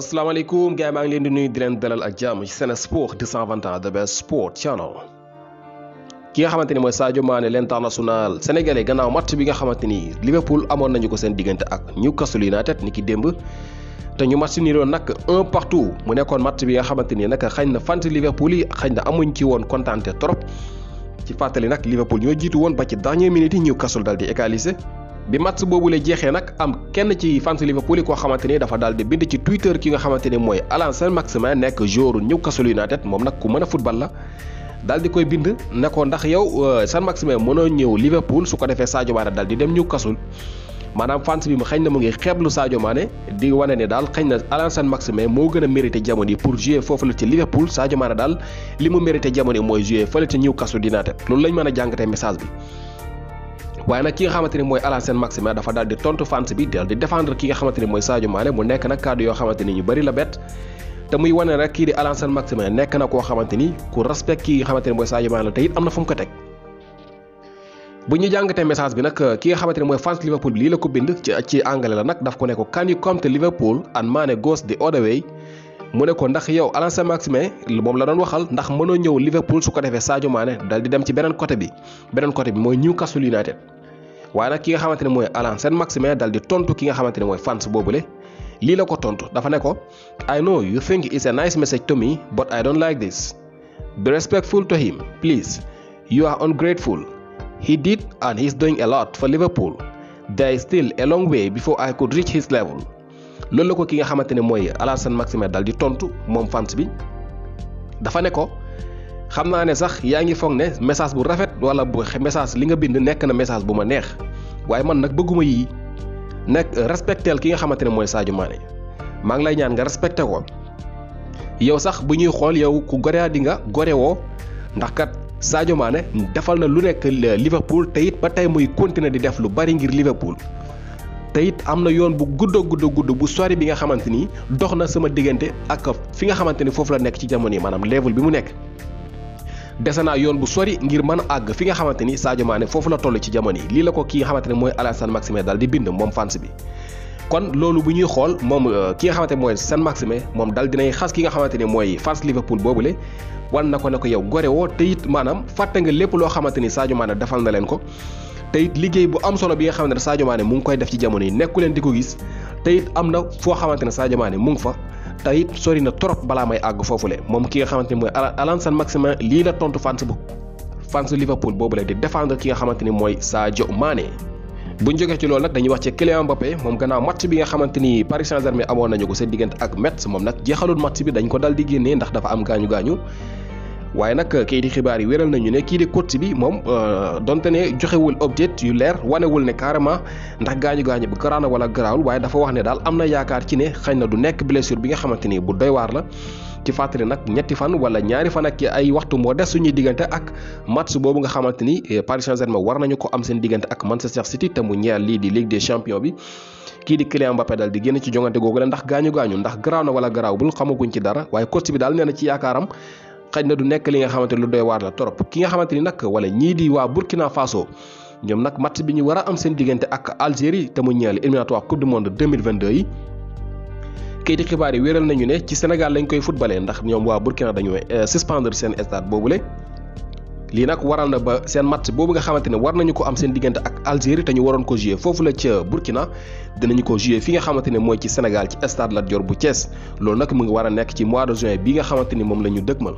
assalamu alaikum gay maa ngi leen di nuyu di len dalal ak jàmm ci sene Sport 220 The Best Sport Channel ki nga xamanteni moy Sadio Mané l'international sénégalais gannaaw match bi nga xamanteni Liverpool amon nañu ko sen digënté ak Newcastle United ni ki démb te ñu match ni doon nag partout mu nekkon match bi nga xamanteni nak nag na fant Liverpool yi xañ na amuñ ci won contenté trop ci fatali nak Liverpool ñoo jitu won ba ci dernière minute Newcastle daldi égaliser bi match boobu la jeexee nag am kenn ci fans Liverpool yi koo xamante ni dafa daal di bind ci Twitter ki nga xamante ni mooy Allan Saint-Maximin nekk joueur Newcastle United moom nag ku mën a football la. daal di koy bind ne ko ndax yow euh, Saint-Maximin mënoo ñëw Liverpool su ko defee Sadio Mané daal di dem Newcastle maanaam fans bi mu xëy na mu ngi xeeblu Sadio Mané di wane ne daal xëy na Allan Saint-Maximin moo gën a mérité jamono yi pour jouer foofu la ci Liverpool Sadio Mané daal li mu mérité jamono yi mooy jouer fële ci Newcastle United loolu mën a jàngatee message bi. waaye nag ki nga xamante ni mooy Alassane Maxime dafa daal di tontu fans bi daal di défendre ki nga xamante ni mooy Sadio Mané mu nekk nag kàddu yoo xamante ni ñu bëri la bett te muy wane rek kii di Alassane Maxime nekk na koo xamante ni ku respect ki nga xamante ni mooy Sadio la te it am na fu bu ñu jàngatee message bi nag ki nga xamante ni mooy fans Liverpool bi lii la ko bind ci ci anglais la nag daf ko ne ko can you come to Liverpool and Mané goes mu ne ko ndax yow Alain Saint-Maximin moom la doon waxal ndax mënoo ñëw Liverpool su ko defee Sadio Mané dal di dem ci beneen côté bi beneen côté bi mooy Newcastle United waaye nag ki nga xamante ne mooy Alain Saint-Maximin dal di tontu ki nga xamante ne mooy fans boobule lii la ko tontu dafa ne ko I know you think it's a nice message to me but I don't like this be respectful to him please you are ungrateful he did and he's doing a lot for Liverpool there is still a long way before I could reach his level loolu la ko ki nga xamante ne mooy Alassane Maxime dal di tontu moom fans bi dafa ne ko xam naa ne sax yaa ngi foog ne message bu rafet wala bu message li nga bind nekk na message bu ma neex waaye man nag bëgguma yii nag respectel ki nga xamante ne mooy Sadio Mané maa ngi lay ñaan nga respecté ko yow sax bu ñuy xool yow ku gorea di nga gore woo ndax kat Sadio defal na lu nekk Liverpool te it ba tey muy continuer di def lu bari ngir Liverpool te it am na yoon bu gudd a gudd bu sori bi nga xamante ni dox na sama diggante ak fi nga xamante ni foofu la nekk ci jamono yi maanaam level bi mu nekk dese naa yoon bu sori ngir mën a àgg fi nga xamante ni Sadio Mané foofu la toll ci jamono yi lii la ko ki nga xamante ne mooy Alassane Maximin daal di bind moom fans bi kon loolu bu ñuy xool moom euh, ki nga xamante mooy San maxime moom daal dinay xas ki nga xamante ne mooy fans Liverpool boobule wan na ko ne ko yow gore woo te it maanaam fàtte nga lépp loo xamante ni Sadio Mané defal na leen ko te liggéey bu am solo bi nga xamante ne Sadio Mané mu ngi koy def ci jamono yi nekku leen di ko gis te it am na foo xamante ne Sadio mu ngi fa te it sori na trop balaa may àgg foofule moom ki nga xamante ne mooy Alan San Maximin lii la tontu fans bu fans Liverpool boobu la di défendre ki nga xamante ni mooy Sadio Mané. buñ jógee ci loolu nag dañuy wax ci Kylian Mbappé moom gannaaw match bi nga xamante ni Paris Saint-Germain amoon nañu ko seen diggante ak Metz moom nag jeexalul match bi dañ ko dal di génnee ndax dafa am gaañu gaañu waaye nag euh, kii di xibaar yi wéral nañu ne kii di coach bi moom euh, donte ne joxewul update yu leer wanewul ne carrément ndax gaañu gaañu bi garaan wala garaawul waaye dafa wax ne daal am na yaakaar ci ne xëy na du nekk blessure bi nga xamante ni bu doy la. ci fàttali nag ñetti fan wala ñaari fan ak ay waxtu moo des suñuy diggante ak match boobu nga xamante ni euh, Paris Saint-Germain war nañu ko am seen diggante ak Manchester City te mu ñeel lii di Ligue des Champions bi. kii di Kylian Mbappé dal di génn ci jongante googu la ndax gaañu ndax garaaw na wala garaawul xamaguñ ci dara waaye coach bi daal nee na ci yaakaaram xaj na du nekk li nga xamante lu doy waar la trop ki nga xamante ni nag wala ñii di waa Burkina Faso ñoom nag matt bi ñu war a am seen diggante ak Algérie te mu ñeel éliminatoire coupe du monde 2022 yi kayiti xibaar yi wéral nañu ne ci Sénégal lañ koy footballé ndax ñoom waa Burkina dañoo euh, suspendre seen boobu boobule lii nag waral na ba seen match boobu nga xamante ne war nañu ko am seen diggante ak Algérie te ñu waroon ko jouer foofu la ca Burkina dinañu ko jouer fi nga xamante ne mooy ci Sénégal ci stade Lat Dior bu Thiès loolu nag mu ngi war a nekk ci mois de juin bi nga xamante ni moom la ñu dëgmal